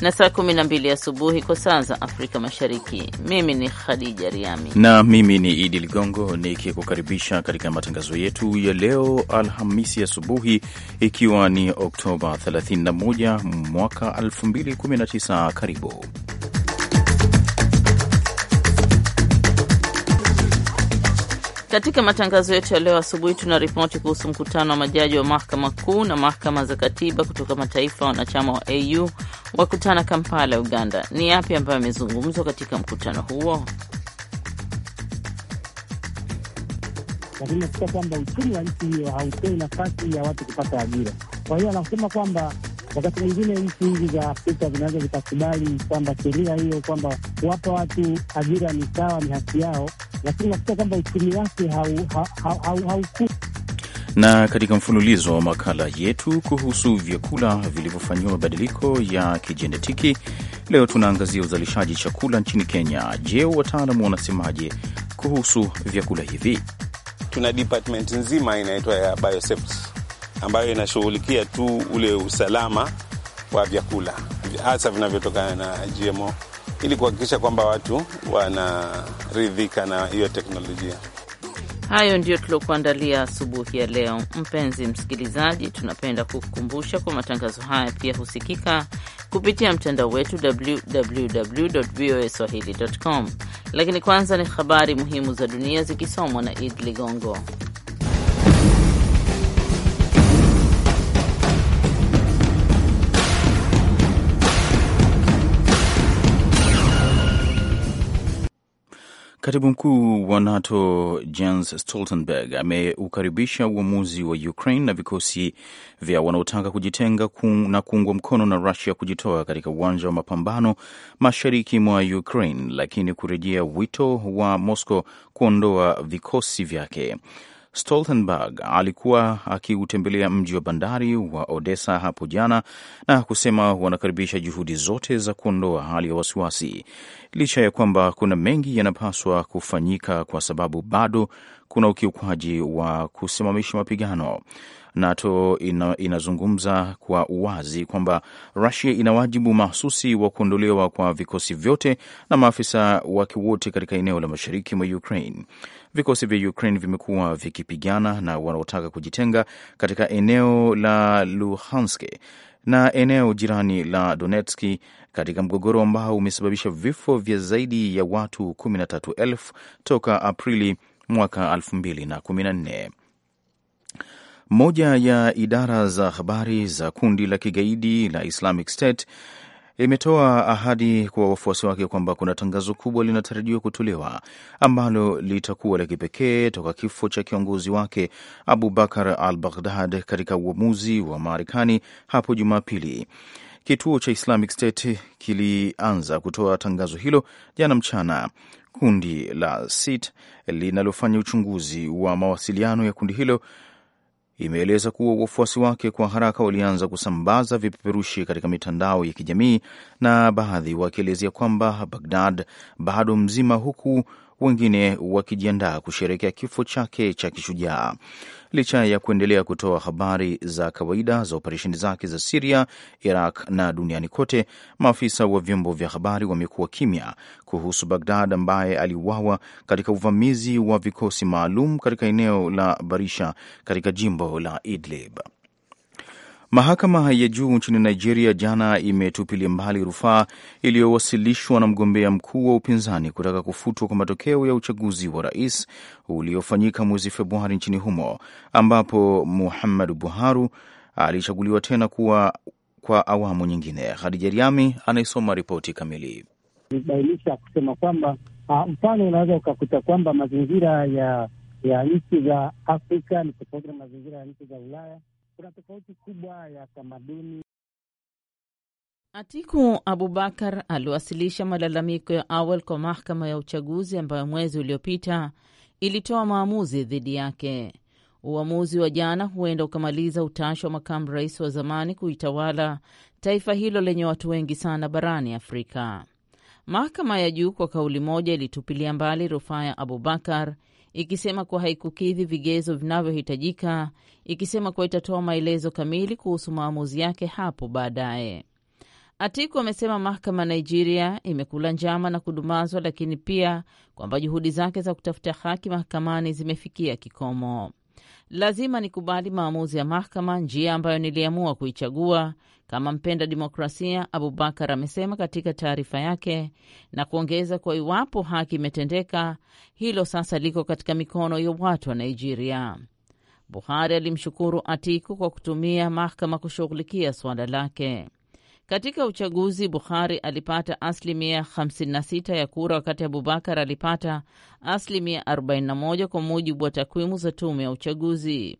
na saa mbili asubuhi kwa saa za Afrika Mashariki. Mimi ni Khadija Riami na mimi ni Idi Ligongo nikikukaribisha katika matangazo yetu ya leo Alhamisi asubuhi, ikiwa ni Oktoba 31 mwaka 2019. Karibu Katika matangazo yetu ya leo asubuhi, tuna ripoti kuhusu mkutano wa majaji wa mahakama kuu na mahakama za katiba kutoka mataifa wanachama wa AU wakutana Kampala, Uganda. Ni yapi ambayo yamezungumzwa katika mkutano huo? Lakini anasikia kwamba uchumi wa nchi hiyo hautoi nafasi ya watu kupata ajira. Kwa hiyo anasema kwamba wakati mwingine nchi hizi za Afrika zinaweza zikakubali kwamba sheria hiyo kwamba kuwapa watu ajira ni sawa, ni haki yao, lakini nakuta kwamba uchumi wake haukuu Na katika mfululizo wa makala yetu kuhusu vyakula vilivyofanyiwa mabadiliko ya kijenetiki, leo tunaangazia uzalishaji chakula nchini Kenya. Je, wataalamu wanasemaje kuhusu vyakula hivi? Tuna department nzima inaitwa ya biosafety ambayo inashughulikia tu ule usalama wa vyakula hasa vinavyotokana na GMO ili kuhakikisha kwamba watu wanaridhika na hiyo teknolojia. Hayo ndiyo tuliokuandalia asubuhi ya leo. Mpenzi msikilizaji, tunapenda kukukumbusha kwa matangazo haya pia husikika kupitia mtandao wetu www voa swahili com. Lakini kwanza ni habari muhimu za dunia zikisomwa na Id Ligongo. Katibu mkuu wa NATO Jens Stoltenberg ameukaribisha uamuzi wa Ukraine na vikosi vya wanaotaka kujitenga kung, na kuungwa mkono na Rusia kujitoa katika uwanja wa mapambano mashariki mwa Ukraine, lakini kurejea wito wa Moscow kuondoa vikosi vyake. Stoltenberg alikuwa akiutembelea mji wa bandari wa Odessa hapo jana na kusema wanakaribisha juhudi zote za kuondoa hali ya wasiwasi, licha ya kwamba kuna mengi yanapaswa kufanyika kwa sababu bado kuna ukiukwaji wa kusimamisha mapigano. NATO ina, inazungumza kwa uwazi kwamba Rusia ina wajibu mahsusi wa kuondolewa kwa vikosi vyote na maafisa wake wote katika eneo la mashariki mwa Ukraine. Vikosi vya Ukraine vimekuwa vikipigana na wanaotaka kujitenga katika eneo la Luhanske na eneo jirani la Donetski katika mgogoro ambao umesababisha vifo vya zaidi ya watu 13,000 toka Aprili mwaka 2014. Moja ya idara za habari za kundi la kigaidi la Islamic State imetoa ahadi kwa wafuasi wake kwamba kuna tangazo kubwa linatarajiwa kutolewa ambalo litakuwa la kipekee toka kifo cha kiongozi wake Abu Bakar al Baghdad katika uamuzi wa Marekani hapo Jumapili. Kituo cha Islamic State kilianza kutoa tangazo hilo jana mchana. Kundi la SIT linalofanya uchunguzi wa mawasiliano ya kundi hilo imeeleza kuwa wafuasi wake kwa haraka walianza kusambaza vipeperushi katika mitandao ya kijamii na baadhi wakielezea kwamba bagdad bado mzima, huku wengine wakijiandaa kusherehekea kifo chake cha kishujaa licha ya kuendelea kutoa habari za kawaida za operesheni zake za Siria, Iraq na duniani kote. Maafisa wa vyombo vya habari wamekuwa kimya kuhusu Bagdad ambaye aliuawa katika uvamizi wa vikosi maalum katika eneo la Barisha katika jimbo la Idlib. Mahakama ya juu nchini Nigeria jana imetupilia mbali rufaa iliyowasilishwa na mgombea mkuu wa upinzani kutaka kufutwa kwa matokeo ya uchaguzi wa rais uliofanyika mwezi Februari nchini humo, ambapo Muhammadu Buhari alichaguliwa tena kuwa kwa awamu nyingine. Khadija Riami anaisoma ripoti kamili. Ibainisha kusema kwamba ah, mfano unaweza ukakuta kwamba mazingira ya ya nchi za Afrika ni tofauti na mazingira ya nchi za Ulaya kuna tofauti kubwa ya tamaduni. Atiku Abubakar aliwasilisha malalamiko ya awal kwa mahakama ya uchaguzi ambayo mwezi uliopita ilitoa maamuzi dhidi yake. Uamuzi wa jana huenda ukamaliza utashi wa makamu rais wa zamani kuitawala taifa hilo lenye watu wengi sana barani Afrika. Mahakama ya juu kwa kauli moja ilitupilia mbali rufaa ya Abubakar ikisema kuwa haikukidhi vigezo vinavyohitajika, ikisema kuwa itatoa maelezo kamili kuhusu maamuzi yake hapo baadaye. Atiku amesema mahakama Nigeria imekula njama na kudumazwa, lakini pia kwamba juhudi zake za kutafuta haki mahakamani zimefikia kikomo. Lazima nikubali maamuzi ya mahakama, njia ambayo niliamua kuichagua, kama mpenda demokrasia, Abubakar amesema katika taarifa yake na kuongeza kuwa iwapo haki imetendeka, hilo sasa liko katika mikono ya watu wa Nigeria. Buhari alimshukuru Atiku kwa kutumia mahakama kushughulikia suala lake. Katika uchaguzi Buhari alipata asilimia 56 ya kura, wakati Abubakar alipata asilimia 41, kwa mujibu wa takwimu za tume ya uchaguzi.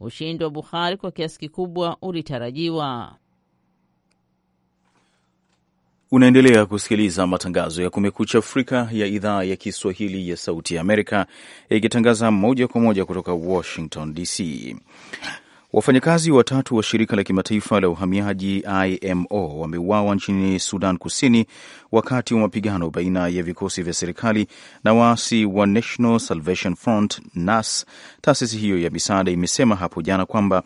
Ushindi wa Buhari kwa kiasi kikubwa ulitarajiwa. Unaendelea kusikiliza matangazo ya Kumekucha Afrika ya idhaa ya Kiswahili ya Sauti ya Amerika, ikitangaza moja kwa moja kutoka Washington DC. Wafanyakazi watatu wa shirika la kimataifa la uhamiaji IMO wameuawa nchini Sudan Kusini wakati wa mapigano baina ya vikosi vya serikali na waasi wa National Salvation Front NAS. Taasisi hiyo ya misaada imesema hapo jana kwamba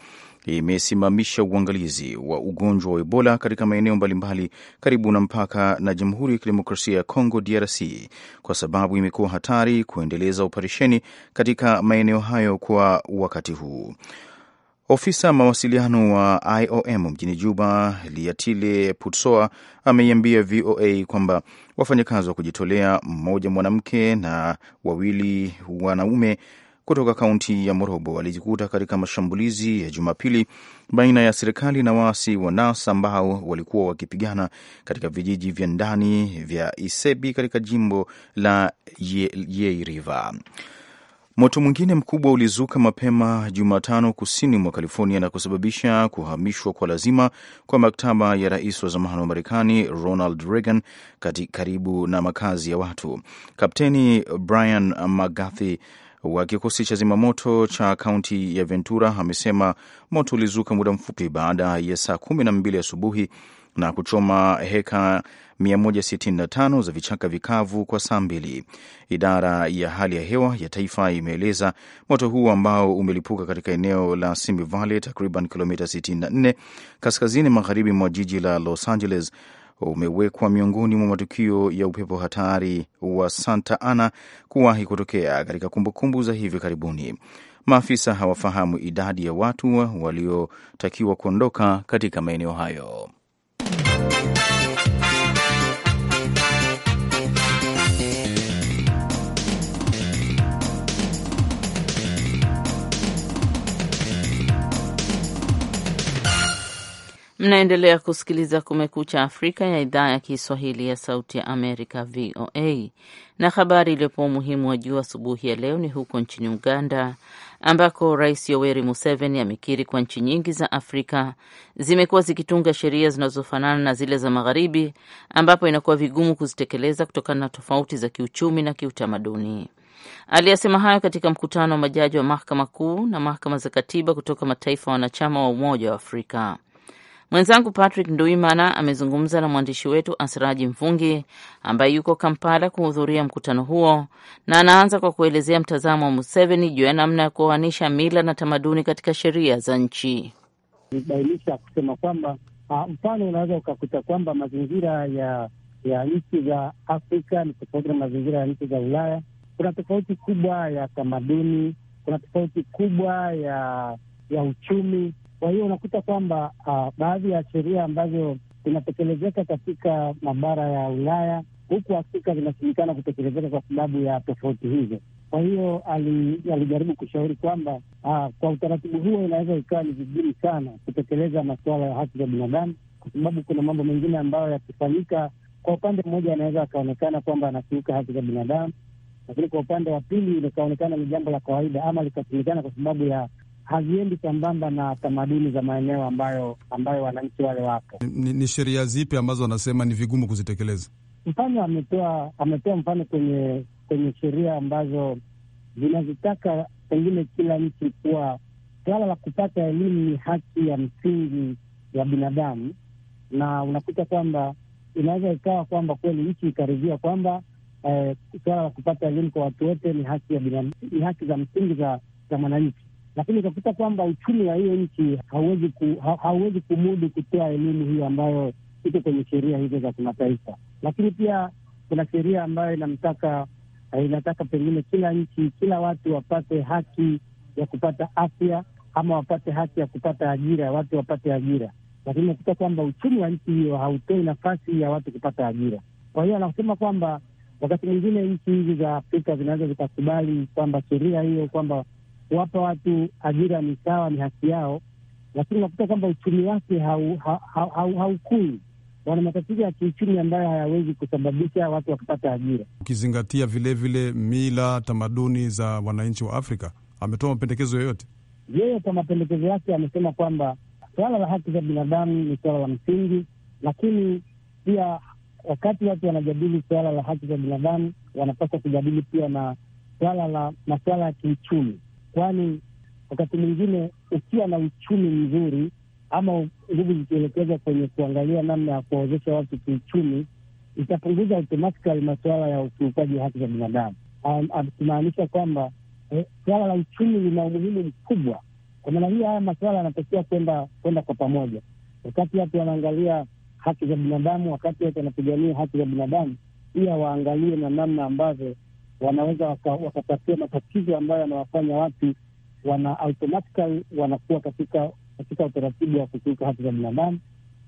imesimamisha uangalizi wa ugonjwa wa Ebola katika maeneo mbalimbali karibu na mpaka na Jamhuri ya Kidemokrasia ya Kongo DRC kwa sababu imekuwa hatari kuendeleza operesheni katika maeneo hayo kwa wakati huu. Ofisa mawasiliano wa IOM mjini Juba, Liatile Putsoa, ameiambia VOA kwamba wafanyakazi wa kujitolea mmoja mwanamke na wawili wanaume kutoka kaunti ya Morobo walijikuta katika mashambulizi ya Jumapili baina ya serikali na waasi wa NAS ambao walikuwa wakipigana katika vijiji vya ndani vya Isebi katika jimbo la Ye, Yei River. Moto mwingine mkubwa ulizuka mapema Jumatano kusini mwa California na kusababisha kuhamishwa kwa lazima kwa maktaba ya rais wa zamani wa Marekani Ronald Reagan kati karibu na makazi ya watu. Kapteni Brian McGathy wa kikosi cha zimamoto cha kaunti ya Ventura amesema moto ulizuka muda mfupi baada ya saa kumi na mbili asubuhi na kuchoma heka 165 za vichaka vikavu kwa saa mbili. Idara ya hali ya hewa ya taifa imeeleza moto huu ambao umelipuka katika eneo la Simi Valley takriban kilomita 64 kaskazini magharibi mwa jiji la Los Angeles umewekwa miongoni mwa matukio ya upepo hatari wa Santa Ana kuwahi kutokea katika kumbukumbu za hivi karibuni. Maafisa hawafahamu idadi ya watu waliotakiwa kuondoka katika maeneo hayo. Mnaendelea kusikiliza Kumekucha Afrika ya idhaa ya Kiswahili ya Sauti ya Amerika, VOA. Na habari iliyopo umuhimu wa juu asubuhi ya leo ni huko nchini Uganda, ambako Rais Yoweri Museveni amekiri kwa nchi nyingi za Afrika zimekuwa zikitunga sheria zinazofanana na zile za Magharibi, ambapo inakuwa vigumu kuzitekeleza kutokana na tofauti za kiuchumi na kiutamaduni. Aliyasema hayo katika mkutano wa majaji wa mahakama kuu na mahakama za katiba kutoka mataifa wanachama wa Umoja wa Afrika. Mwenzangu Patrick Nduimana amezungumza na mwandishi wetu Asiraji Mfungi ambaye yuko Kampala kuhudhuria mkutano huo, na anaanza kwa kuelezea mtazamo wa Museveni juu ya namna ya kuoanisha mila na tamaduni katika sheria za nchi. Nibainisha kusema kwamba ah, mfano unaweza ukakuta kwamba mazingira ya ya nchi za Afrika ni tofauti na mazingira ya nchi za Ulaya. Kuna tofauti kubwa ya tamaduni, kuna tofauti kubwa ya ya uchumi kwa hiyo unakuta kwamba uh, baadhi ya sheria ambazo zinatekelezeka katika mabara ya Ulaya huku Afrika zinashindikana kutekelezeka kwa sababu ya tofauti hizo. Kwa hiyo alijaribu kushauri kwamba aa, ah, kwa utaratibu huo inaweza ikawa ni vigumu sana kutekeleza masuala ya haki za binadamu, kwa sababu kuna mambo mengine ambayo yakifanyika, kwa upande mmoja anaweza akaonekana kwamba anakiuka haki za binadamu, lakini kwa upande wa pili likaonekana ni jambo la kawaida ama likasemekana kwa sababu ya haziendi sambamba na tamaduni za maeneo ambayo ambayo wananchi wale wapo. Ni, ni sheria zipi ambazo wanasema ni vigumu kuzitekeleza? Mfano ametoa ametoa mfano kwenye kwenye sheria ambazo zinazitaka pengine kila nchi kuwa suala la kupata elimu ni haki ya msingi ya binadamu, na unakuta kwamba inaweza ikawa kwamba kweli nchi ikaridhia kwamba eh, suala la kupata elimu kwa watu wote ni haki ya binadamu, ni haki za msingi za, za mwananchi lakini utakuta kwamba uchumi wa hiyo nchi hauwezi ku, ha, hauwezi kumudu kutoa elimu hiyo ambayo iko kwenye sheria hizo za kimataifa. Lakini pia kuna sheria ambayo inamtaka eh, inataka pengine kila nchi, kila watu wapate haki ya kupata afya ama wapate haki ya kupata ajira, watu wapate ajira, lakini unakuta kwamba uchumi wa nchi hiyo hautoi nafasi ya watu kupata ajira. Kwa hiyo anasema kwamba wakati mwingine nchi hizi za Afrika zinaweza zikakubali kwamba sheria hiyo kwamba kuwapa watu ajira ni sawa, ni haki yao, lakini unakuta kwamba uchumi wake haukui wana matatizo ya kiuchumi ambayo hayawezi kusababisha watu wakipata ajira, ukizingatia vilevile mila, tamaduni za wananchi wa Afrika. Ametoa mapendekezo yoyote? Yeye kwa mapendekezo yake amesema kwamba suala la haki za binadamu ni suala la msingi, lakini pia wakati watu wanajadili suala la haki za binadamu wanapaswa kujadili pia na swala la masuala ya kiuchumi kwani wakati mwingine ukiwa na uchumi mzuri ama nguvu zikielekezwa kwenye kuangalia namna ya kuwawezesha watu kiuchumi, itapunguza automatikali masuala ya ukiukaji wa haki za binadamu, akimaanisha um, um, kwamba eh, suala la uchumi lina umuhimu mkubwa. Kwa maana hiyo, haya masuala yanatakiwa kwenda kwenda kwa pamoja. Wakati watu wanaangalia haki za binadamu, wakati watu wanapigania haki za binadamu, pia waangalie na namna ambavyo wanaweza wakapatia matatizo ambayo yanawafanya watu wana automatically wanakuwa katika katika utaratibu wa kukiuka haki za binadamu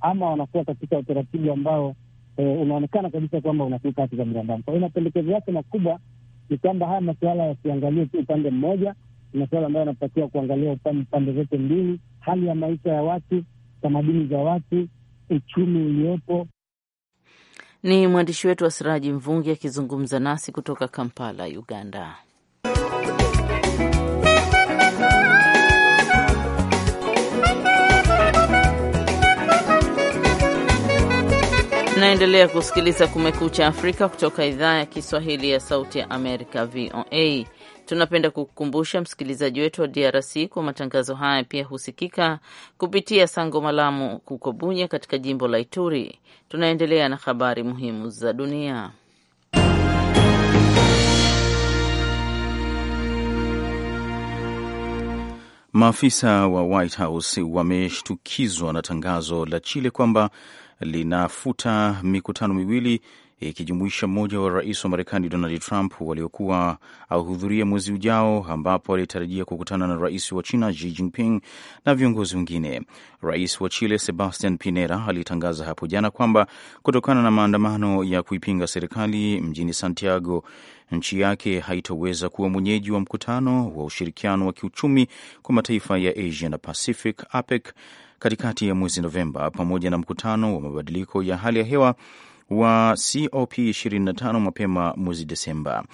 ama wanakuwa katika utaratibu ambao e, unaonekana kabisa kwamba unakiuka haki za binadamu. Kwa hiyo mapendekezo yake makubwa ni kwamba haya masuala yasiangalie tu upande mmoja, ni masuala ambayo yanatakiwa kuangalia pande zote mbili, hali ya maisha ya watu, tamaduni za watu, uchumi uliopo. Ni mwandishi wetu wa Siraji Mvungi akizungumza nasi kutoka Kampala, Uganda. Mnaendelea kusikiliza Kumekucha Afrika kutoka idhaa ya Kiswahili ya Sauti ya Amerika, VOA. Tunapenda kukukumbusha msikilizaji wetu wa DRC kwa matangazo haya pia husikika kupitia Sango Malamu huko Bunya katika jimbo la Ituri. Tunaendelea na habari muhimu za dunia. Maafisa wa White House wameshtukizwa na tangazo la Chile kwamba linafuta mikutano miwili ikijumuisha mmoja wa rais wa Marekani Donald Trump waliokuwa auhudhuria mwezi ujao, ambapo alitarajia kukutana na rais wa China Xi Jinping na viongozi wengine. Rais wa Chile Sebastian Pinera alitangaza hapo jana kwamba kutokana na maandamano ya kuipinga serikali mjini Santiago, nchi yake haitoweza kuwa mwenyeji wa mkutano wa ushirikiano wa kiuchumi kwa mataifa ya Asia na Pacific, APEC katikati ya mwezi Novemba, pamoja na mkutano wa mabadiliko ya hali ya hewa wa COP25 mapema mwezi Desemba.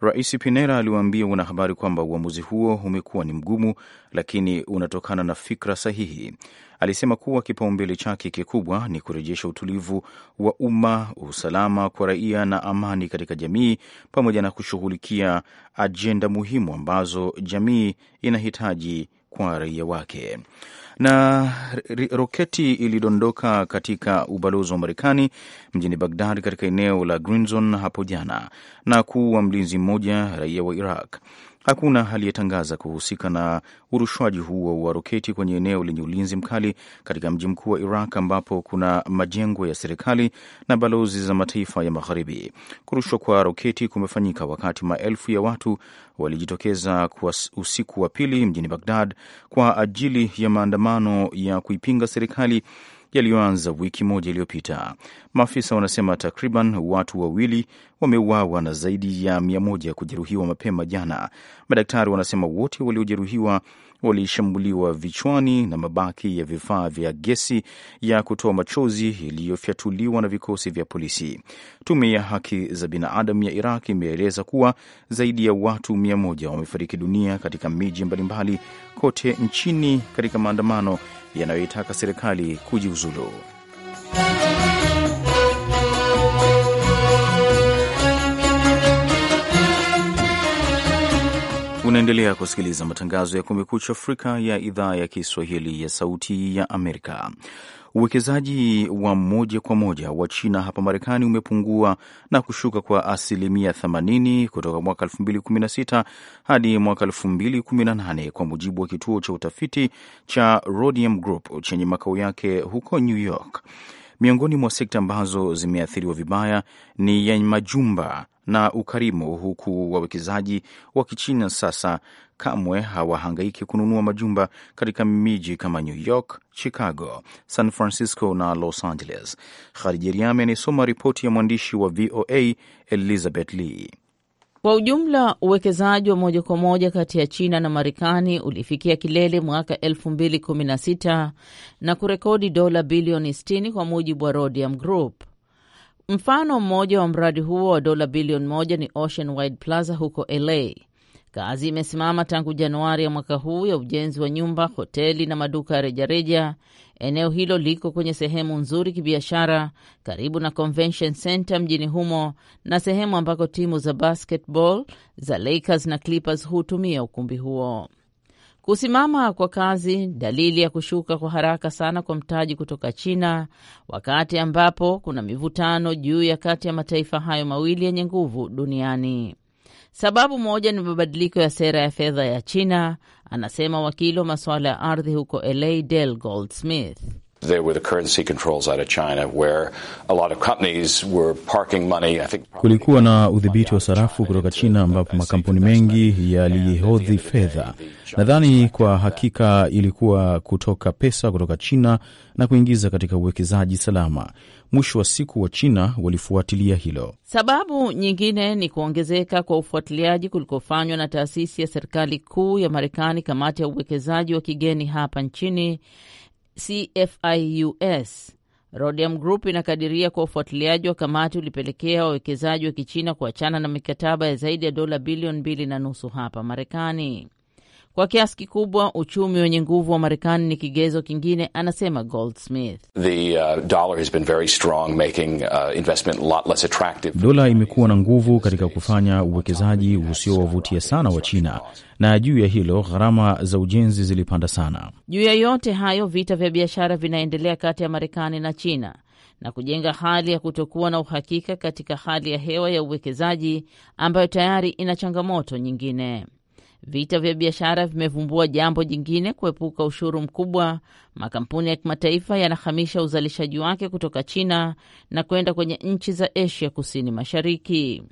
Rais Pinera aliwaambia wanahabari kwamba uamuzi huo umekuwa ni mgumu, lakini unatokana na fikra sahihi. Alisema kuwa kipaumbele chake kikubwa ni kurejesha utulivu wa umma, usalama kwa raia na amani katika jamii, pamoja na kushughulikia ajenda muhimu ambazo jamii inahitaji kwa raia wake. Na roketi ilidondoka katika ubalozi wa Marekani mjini Bagdad katika eneo la Green Zone hapo jana na kuua mlinzi mmoja raia wa Iraq. Hakuna aliyetangaza kuhusika na urushwaji huo wa roketi kwenye eneo lenye ulinzi mkali katika mji mkuu wa Iraq ambapo kuna majengo ya serikali na balozi za mataifa ya magharibi. Kurushwa kwa roketi kumefanyika wakati maelfu ya watu walijitokeza kwa usiku wa pili mjini bagdad kwa ajili ya maandamano ya kuipinga serikali yaliyoanza wiki moja iliyopita. Maafisa wanasema takriban watu wawili wameuawa na zaidi ya mia moja kujeruhiwa mapema jana. Madaktari wanasema wote waliojeruhiwa walishambuliwa vichwani na mabaki ya vifaa vya gesi ya kutoa machozi iliyofyatuliwa na vikosi vya polisi. Tume ya haki za binadamu ya Iraq imeeleza kuwa zaidi ya watu mia moja wamefariki dunia katika miji mbalimbali kote nchini katika maandamano yanayoitaka serikali kujiuzulu. Unaendelea kusikiliza matangazo ya Kumekucha Afrika ya idhaa ya Kiswahili ya Sauti ya Amerika. Uwekezaji wa moja kwa moja wa China hapa Marekani umepungua na kushuka kwa asilimia 80 kutoka mwaka 2016 hadi mwaka 2018 kwa mujibu wa kituo cha utafiti cha Rhodium Group chenye makao yake huko New York. Miongoni mwa sekta ambazo zimeathiriwa vibaya ni ya majumba na ukarimu, huku wawekezaji wa Kichina sasa kamwe hawahangaiki kununua majumba katika miji kama New York, Chicago, San Francisco na Los Angeles. Khadija Riame anayesoma ripoti ya mwandishi wa VOA Elizabeth Lee. Kwa ujumla, uwekezaji wa moja kwa moja kati ya China na Marekani ulifikia kilele mwaka 2016 na kurekodi dola bilioni 60 kwa mujibu wa Rhodium Group. Mfano mmoja wa mradi huo wa dola bilioni moja ni Ocean Wide Plaza huko LA. Kazi imesimama tangu Januari ya mwaka huu ya ujenzi wa nyumba, hoteli na maduka ya rejareja. Eneo hilo liko kwenye sehemu nzuri kibiashara, karibu na Convention Center mjini humo na sehemu ambako timu za basketball za Lakers na Clippers hutumia ukumbi huo. Kusimama kwa kazi dalili ya kushuka kwa haraka sana kwa mtaji kutoka China, wakati ambapo kuna mivutano juu ya kati ya mataifa hayo mawili yenye nguvu duniani. Sababu moja ni mabadiliko ya sera ya fedha ya China, anasema wakili wa masuala ya ardhi huko LA del Goldsmith. There were the currency controls out of China where a lot of companies were parking money. I think kulikuwa na udhibiti wa sarafu kutoka China ambapo makampuni mengi yalihodhi fedha. Nadhani kwa hakika ilikuwa kutoka pesa kutoka China na kuingiza katika uwekezaji salama. Mwisho wa siku wa China walifuatilia hilo. Sababu nyingine ni kuongezeka kwa ufuatiliaji kulikofanywa na taasisi ya serikali kuu ya Marekani, kamati ya uwekezaji wa kigeni hapa nchini CFIUS. Rhodium Group inakadiria kwa ufuatiliaji wa kamati ulipelekea wawekezaji wa Kichina kuachana na mikataba ya zaidi ya dola bilioni mbili na nusu hapa Marekani. Kwa kiasi kikubwa uchumi wenye nguvu wa Marekani ni kigezo kingine, anasema Goldsmith. Uh, uh, Dola imekuwa na nguvu katika kufanya uwekezaji usiowavutia sana wa China, na juu ya hilo gharama za ujenzi zilipanda sana. Juu ya yote hayo, vita vya biashara vinaendelea kati ya Marekani na China na kujenga hali ya kutokuwa na uhakika katika hali ya hewa ya uwekezaji ambayo tayari ina changamoto nyingine. Vita vya biashara vimevumbua jambo jingine: kuepuka ushuru mkubwa, makampuni ya kimataifa yanahamisha uzalishaji wake kutoka China na kwenda kwenye nchi za Asia kusini mashariki.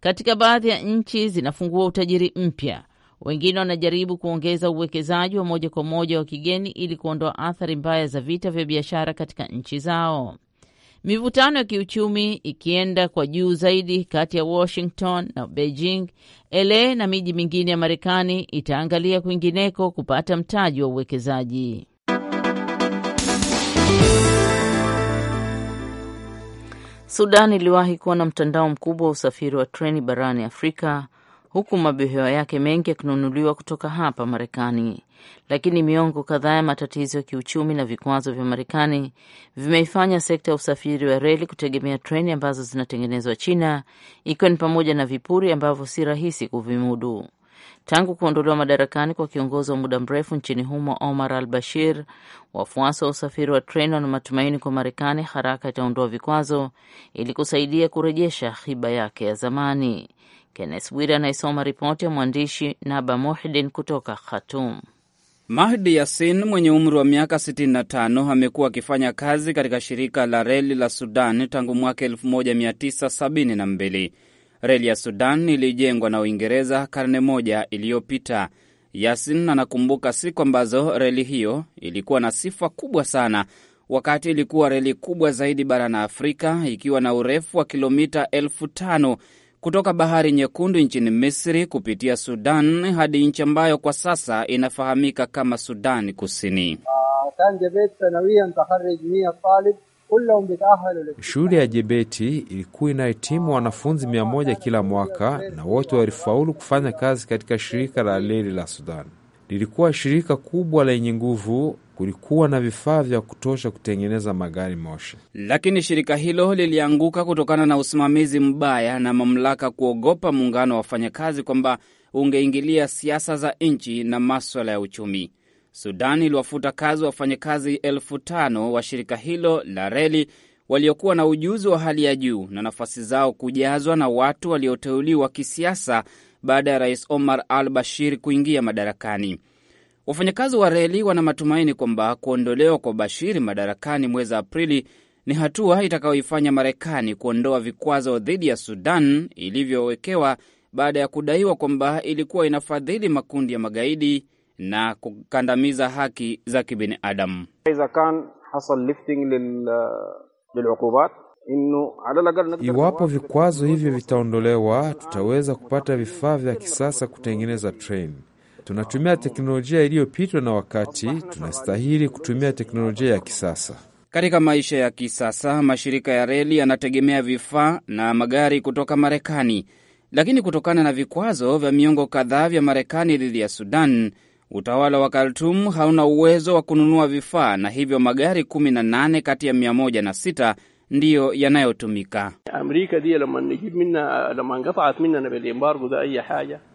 Katika baadhi ya nchi zinafungua utajiri mpya, wengine wanajaribu kuongeza uwekezaji wa moja kwa moja wa kigeni ili kuondoa athari mbaya za vita vya biashara katika nchi zao. Mivutano ya kiuchumi ikienda kwa juu zaidi kati ya Washington na Beijing, LA na miji mingine ya Marekani itaangalia kwingineko kupata mtaji wa uwekezaji. Sudan iliwahi kuwa na mtandao mkubwa wa usafiri wa treni barani Afrika huku mabehewa yake mengi yakinunuliwa kutoka hapa Marekani. Lakini miongo kadhaa ya matatizo ya kiuchumi na vikwazo vya Marekani vimeifanya sekta ya usafiri wa reli kutegemea treni ambazo zinatengenezwa China, ikiwa ni pamoja na vipuri ambavyo si rahisi kuvimudu. Tangu kuondolewa madarakani kwa kiongozi wa muda mrefu nchini humo Omar al Bashir, wafuasi wa usafiri wa treni wana matumaini kwa Marekani haraka itaondoa vikwazo ili kusaidia kurejesha hiba yake ya zamani. Kennes Bwire anayesoma ripoti ya mwandishi Naba Muhidin kutoka Khatum. Mahdi Yasin mwenye umri wa miaka 65 amekuwa akifanya kazi katika shirika la reli la Sudan tangu mwaka 1972. Reli ya Sudan ilijengwa na Uingereza karne moja iliyopita. Yasin anakumbuka siku ambazo reli hiyo ilikuwa na sifa kubwa sana, wakati ilikuwa reli kubwa zaidi barani Afrika, ikiwa na urefu wa kilomita elfu tano kutoka Bahari Nyekundu nchini Misri kupitia Sudan hadi nchi ambayo kwa sasa inafahamika kama Sudani Kusini. Shule ya Jebeti ilikuwa inahitimu wanafunzi mia moja kila mwaka na wote walifaulu kufanya kazi katika shirika la reli la Sudan. Lilikuwa shirika kubwa lenye nguvu kulikuwa na vifaa vya kutosha kutengeneza magari moshi, lakini shirika hilo lilianguka kutokana na usimamizi mbaya na mamlaka kuogopa muungano wa wafanyakazi kwamba ungeingilia siasa za nchi na maswala ya uchumi. Sudan iliwafuta kazi wafanyakazi elfu tano wa shirika hilo la reli waliokuwa na ujuzi wa hali ya juu na nafasi zao kujazwa na watu walioteuliwa kisiasa baada ya rais Omar al Bashir kuingia madarakani. Wafanyakazi wa reli wana matumaini kwamba kuondolewa kwa Bashiri madarakani mwezi Aprili ni hatua itakayoifanya Marekani kuondoa vikwazo dhidi ya Sudan ilivyowekewa baada ya kudaiwa kwamba ilikuwa inafadhili makundi ya magaidi na kukandamiza haki za kibinadamu. Iwapo vikwazo hivyo vitaondolewa, tutaweza kupata vifaa vya kisasa kutengeneza treni. Tunatumia teknolojia iliyopitwa na wakati, tunastahili kutumia teknolojia ya kisasa. Katika maisha ya kisasa, mashirika ya reli yanategemea vifaa na magari kutoka Marekani, lakini kutokana na vikwazo vya miongo kadhaa vya Marekani dhidi ya Sudan, utawala wa Khartum hauna uwezo wa kununua vifaa, na hivyo magari 18 kati ya 106 ndiyo yanayotumika.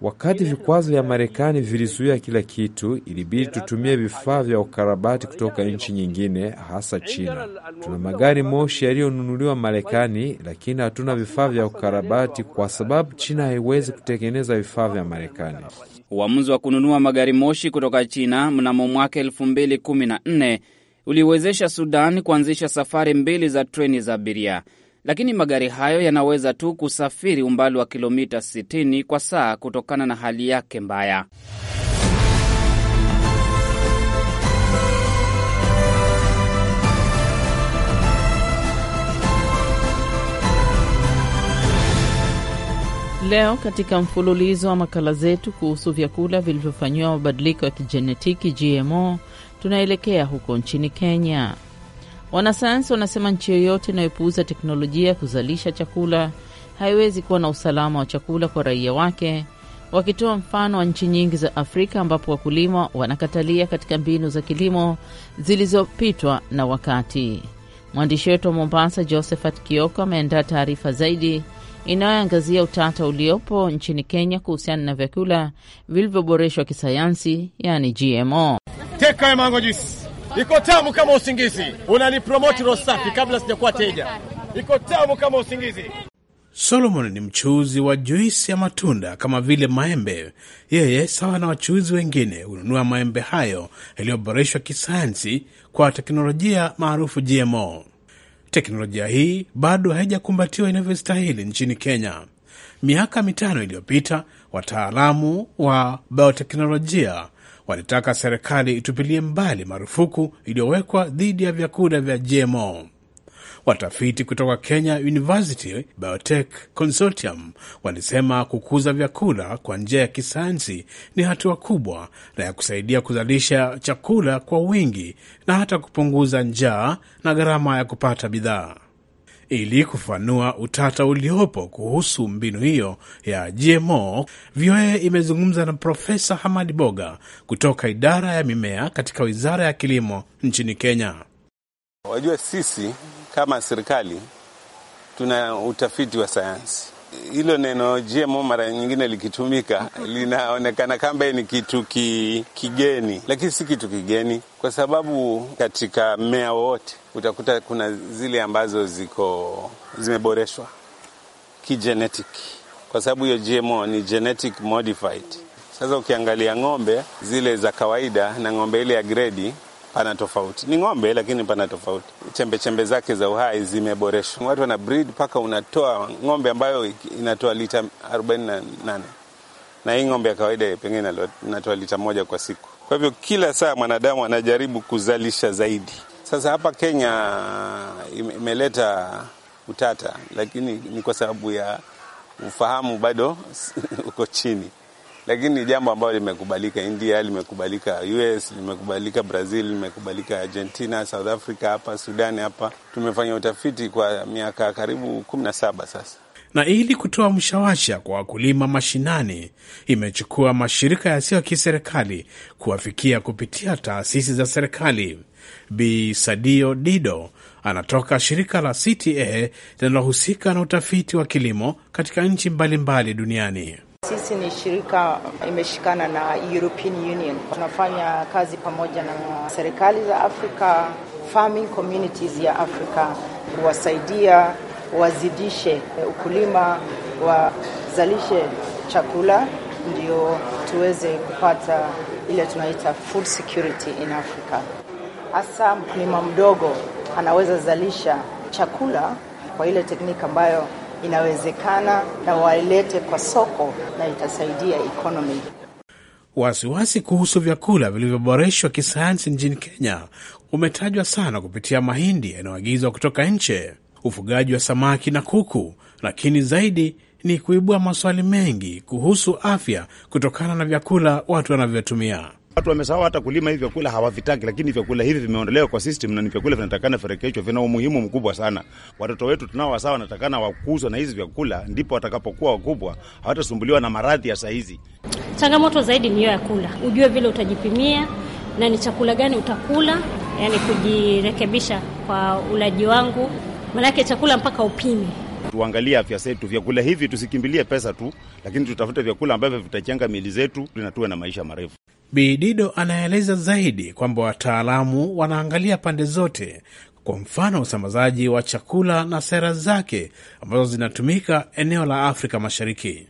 Wakati vikwazo vya Marekani vilizuia kila kitu, ilibidi tutumie vifaa vya ukarabati kutoka nchi nyingine, hasa China. Tuna magari moshi yaliyonunuliwa Marekani, lakini hatuna vifaa vya ukarabati kwa sababu China haiwezi kutengeneza vifaa vya Marekani. Uamuzi wa kununua magari moshi kutoka China mnamo mwaka 2014 uliwezesha Sudan kuanzisha safari mbili za treni za abiria, lakini magari hayo yanaweza tu kusafiri umbali wa kilomita 60 kwa saa kutokana na hali yake mbaya. Leo katika mfululizo wa makala zetu kuhusu vyakula vilivyofanyiwa mabadiliko ya kijenetiki GMO tunaelekea huko nchini Kenya. Wanasayansi wanasema nchi yoyote inayopuuza teknolojia ya kuzalisha chakula haiwezi kuwa na usalama wa chakula kwa raia wake, wakitoa mfano wa nchi nyingi za Afrika ambapo wakulima wanakatalia katika mbinu za kilimo zilizopitwa na wakati. Mwandishi wetu wa Mombasa, Josephat Kioko, ameandaa taarifa zaidi inayoangazia utata uliopo nchini Kenya kuhusiana na vyakula vilivyoboreshwa kisayansi, yaani GMO. Teka mango juice iko tamu kama usingizi, unanipromoti Rosafi kabla sijakuwa teja, iko tamu kama usingizi. Solomon ni mchuuzi wa juisi ya matunda kama vile maembe. Yeye sawa na wachuuzi wengine hununua maembe hayo yaliyoboreshwa kisayansi kwa teknolojia maarufu GMO teknolojia hii bado haijakumbatiwa inavyostahili nchini Kenya. Miaka mitano iliyopita, wataalamu wa bioteknolojia walitaka serikali itupilie mbali marufuku iliyowekwa dhidi ya vyakula vya GMO. Watafiti kutoka Kenya University Biotech Consortium walisema kukuza vyakula kwa njia ya kisayansi ni hatua kubwa na ya kusaidia kuzalisha chakula kwa wingi na hata kupunguza njaa na gharama ya kupata bidhaa. Ili kufanua utata uliopo kuhusu mbinu hiyo ya GMO, VOA imezungumza na Profesa Hamadi Boga kutoka idara ya mimea katika wizara ya kilimo nchini Kenya. Wajua sisi kama serikali tuna utafiti wa sayansi. Hilo neno GMO mara nyingine likitumika linaonekana kama ni kitu ki, kigeni, lakini si kitu kigeni, kwa sababu katika mmea wowote utakuta kuna zile ambazo ziko zimeboreshwa kigenetic, kwa sababu hiyo GMO ni genetic modified. Sasa ukiangalia ng'ombe zile za kawaida na ng'ombe ile ya gredi pana tofauti. Ni ng'ombe lakini pana tofauti. Chembe chembe zake za uhai zimeboreshwa. Watu wana breed mpaka unatoa ng'ombe ambayo inatoa lita 48 na hii ng'ombe ya kawaida pengine inatoa lita moja kwa siku. Kwa hivyo kila saa mwanadamu anajaribu kuzalisha zaidi. Sasa hapa Kenya imeleta utata, lakini ni kwa sababu ya ufahamu bado uko chini lakini ni jambo ambalo limekubalika India, limekubalika US, limekubalika Brazil, limekubalika Argentina, South Africa, hapa Sudani. Hapa tumefanya utafiti kwa miaka karibu kumi na saba sasa na ili kutoa mshawasha kwa wakulima mashinani, imechukua mashirika yasiyo ya kiserikali kuwafikia kupitia taasisi za serikali. Bi Sadio Dido anatoka shirika la CTA linalohusika na utafiti wa kilimo katika nchi mbalimbali duniani. Sisi ni shirika imeshikana na European Union, tunafanya kazi pamoja na serikali za Afrika, farming communities ya Afrika kuwasaidia wazidishe ukulima, wazalishe chakula ndio tuweze kupata ile tunaita food security in Africa. Hasa mkulima mdogo anaweza zalisha chakula kwa ile teknika ambayo inawezekana na walete kwa soko na itasaidia ekonomi. Wasiwasi kuhusu vyakula vilivyoboreshwa kisayansi nchini Kenya umetajwa sana kupitia mahindi yanayoagizwa kutoka nje, ufugaji wa samaki na kuku, lakini zaidi ni kuibua maswali mengi kuhusu afya kutokana na vyakula watu wanavyotumia. Watu wamesahau hata kulima hivi vyakula, hawavitaki, lakini vyakula hivi vimeondolewa kwa system na ni vyakula vinatakana virekebishwe, vina umuhimu mkubwa sana. Watoto wetu tunao wasawa, wanatakana wakuzwa na hizi vyakula, ndipo watakapokuwa wakubwa hawatasumbuliwa na maradhi ya saa hizi. Changamoto zaidi ni hiyo ya kula, ujue vile utajipimia na ni chakula gani utakula, yani kujirekebisha kwa ulaji wangu, maanake chakula mpaka upime tuangalie afya zetu, vyakula hivi tusikimbilie pesa tu, lakini tutafute vyakula ambavyo vitachenga mili zetu na tuwe na maisha marefu. Bidido anaeleza zaidi kwamba wataalamu wanaangalia pande zote, kwa mfano usambazaji wa chakula na sera zake ambazo zinatumika eneo la Afrika Mashariki.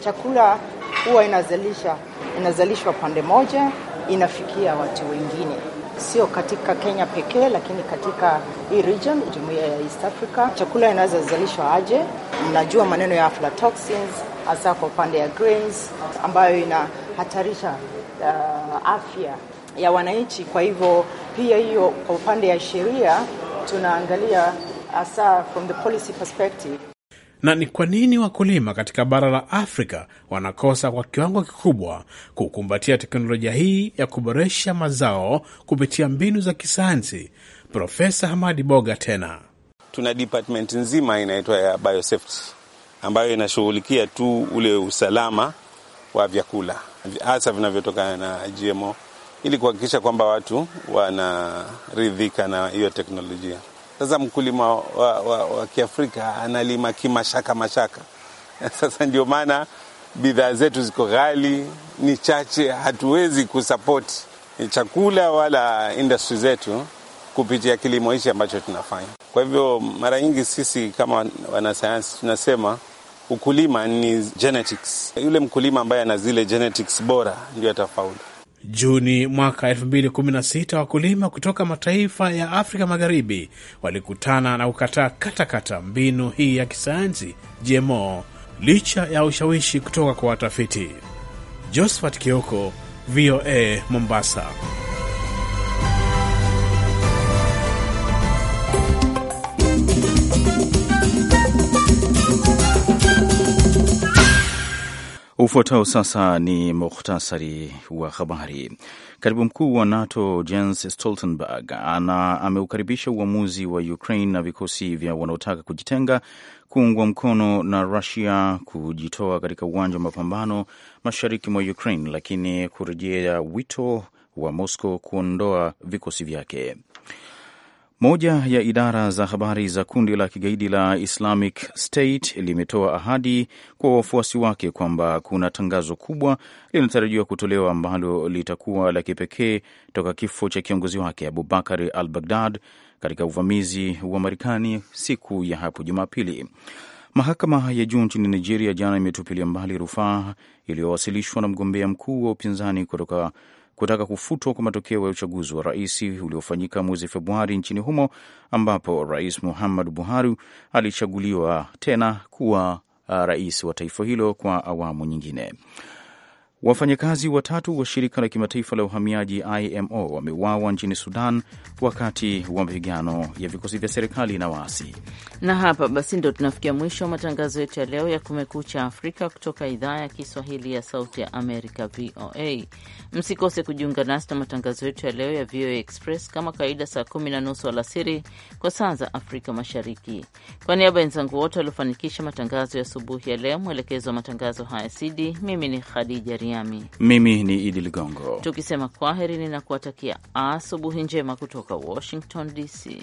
Chakula huwa inazalisha inazalishwa pande moja, inafikia watu wengine sio katika Kenya pekee, lakini katika hii region, jumuiya ya East Africa. Chakula inaweza zalishwa aje? Mnajua maneno ya aflatoxins, hasa kwa upande ya grains ambayo inahatarisha uh, afya ya wananchi. Kwa hivyo pia hiyo kwa upande ya sheria tunaangalia hasa from the policy perspective na ni kwa nini wakulima katika bara la Afrika wanakosa kwa kiwango kikubwa kukumbatia teknolojia hii ya kuboresha mazao kupitia mbinu za kisayansi. Profesa Hamadi Boga tena tuna department nzima inaitwa ya biosafety ambayo inashughulikia tu ule usalama wa vyakula hasa vinavyotokana na GMO ili kuhakikisha kwamba watu wanaridhika na hiyo teknolojia. Sasa mkulima wa, wa, wa Kiafrika analima kimashaka mashaka. Sasa ndio maana bidhaa zetu ziko ghali, ni chache, hatuwezi kusapoti chakula wala industri zetu kupitia kilimo hichi ambacho tunafanya. Kwa hivyo mara nyingi sisi kama wanasayansi tunasema ukulima ni genetics. Yule mkulima ambaye ana zile genetics bora ndio atafaulu. Juni mwaka 2016 wakulima kutoka mataifa ya Afrika Magharibi walikutana na kukataa katakata mbinu hii ya kisayansi GMO licha ya ushawishi kutoka kwa watafiti. Josephat Kioko, VOA Mombasa. Ufuatao sasa ni muhtasari wa habari. Katibu mkuu wa NATO Jens Stoltenberg ana ameukaribisha uamuzi wa Ukraine na vikosi vya wanaotaka kujitenga kuungwa mkono na Rusia kujitoa katika uwanja wa mapambano mashariki mwa Ukraine, lakini kurejea wito wa Moscow kuondoa vikosi vyake. Moja ya idara za habari za kundi la kigaidi la Islamic State limetoa ahadi kwa wafuasi wake kwamba kuna tangazo kubwa linatarajiwa kutolewa ambalo litakuwa la kipekee toka kifo cha kiongozi wake Abubakar al Baghdad katika uvamizi wa Marekani siku ya hapo Jumapili. Mahakama ya juu nchini Nigeria jana imetupilia mbali rufaa iliyowasilishwa na mgombea mkuu wa upinzani kutoka kutaka kufutwa kwa matokeo ya uchaguzi wa rais uliofanyika mwezi Februari nchini humo, ambapo Rais muhammad Buhari alichaguliwa tena kuwa uh, rais wa taifa hilo kwa awamu nyingine. Wafanyakazi watatu wa shirika la kimataifa la uhamiaji IMO wameuawa nchini Sudan wakati wa mapigano ya vikosi vya serikali na waasi. Na hapa basi ndo tunafikia mwisho wa matangazo yetu ya leo ya Kumekucha Afrika kutoka idhaa ya Kiswahili ya Sauti ya Amerika, VOA. Msikose kujiunga nasi na matangazo yetu ya leo ya VOA Express kama kawaida, saa kumi na nusu alasiri kwa saa za Afrika Mashariki. Kwa niaba ya wenzangu wote waliofanikisha matangazo ya asubuhi ya leo, mwelekezo wa matangazo haya cd, mimi ni Khadija Riami. Mimi ni Idi Ligongo, tukisema kwaheri kuwatakia asubuhi njema kutoka Washington DC.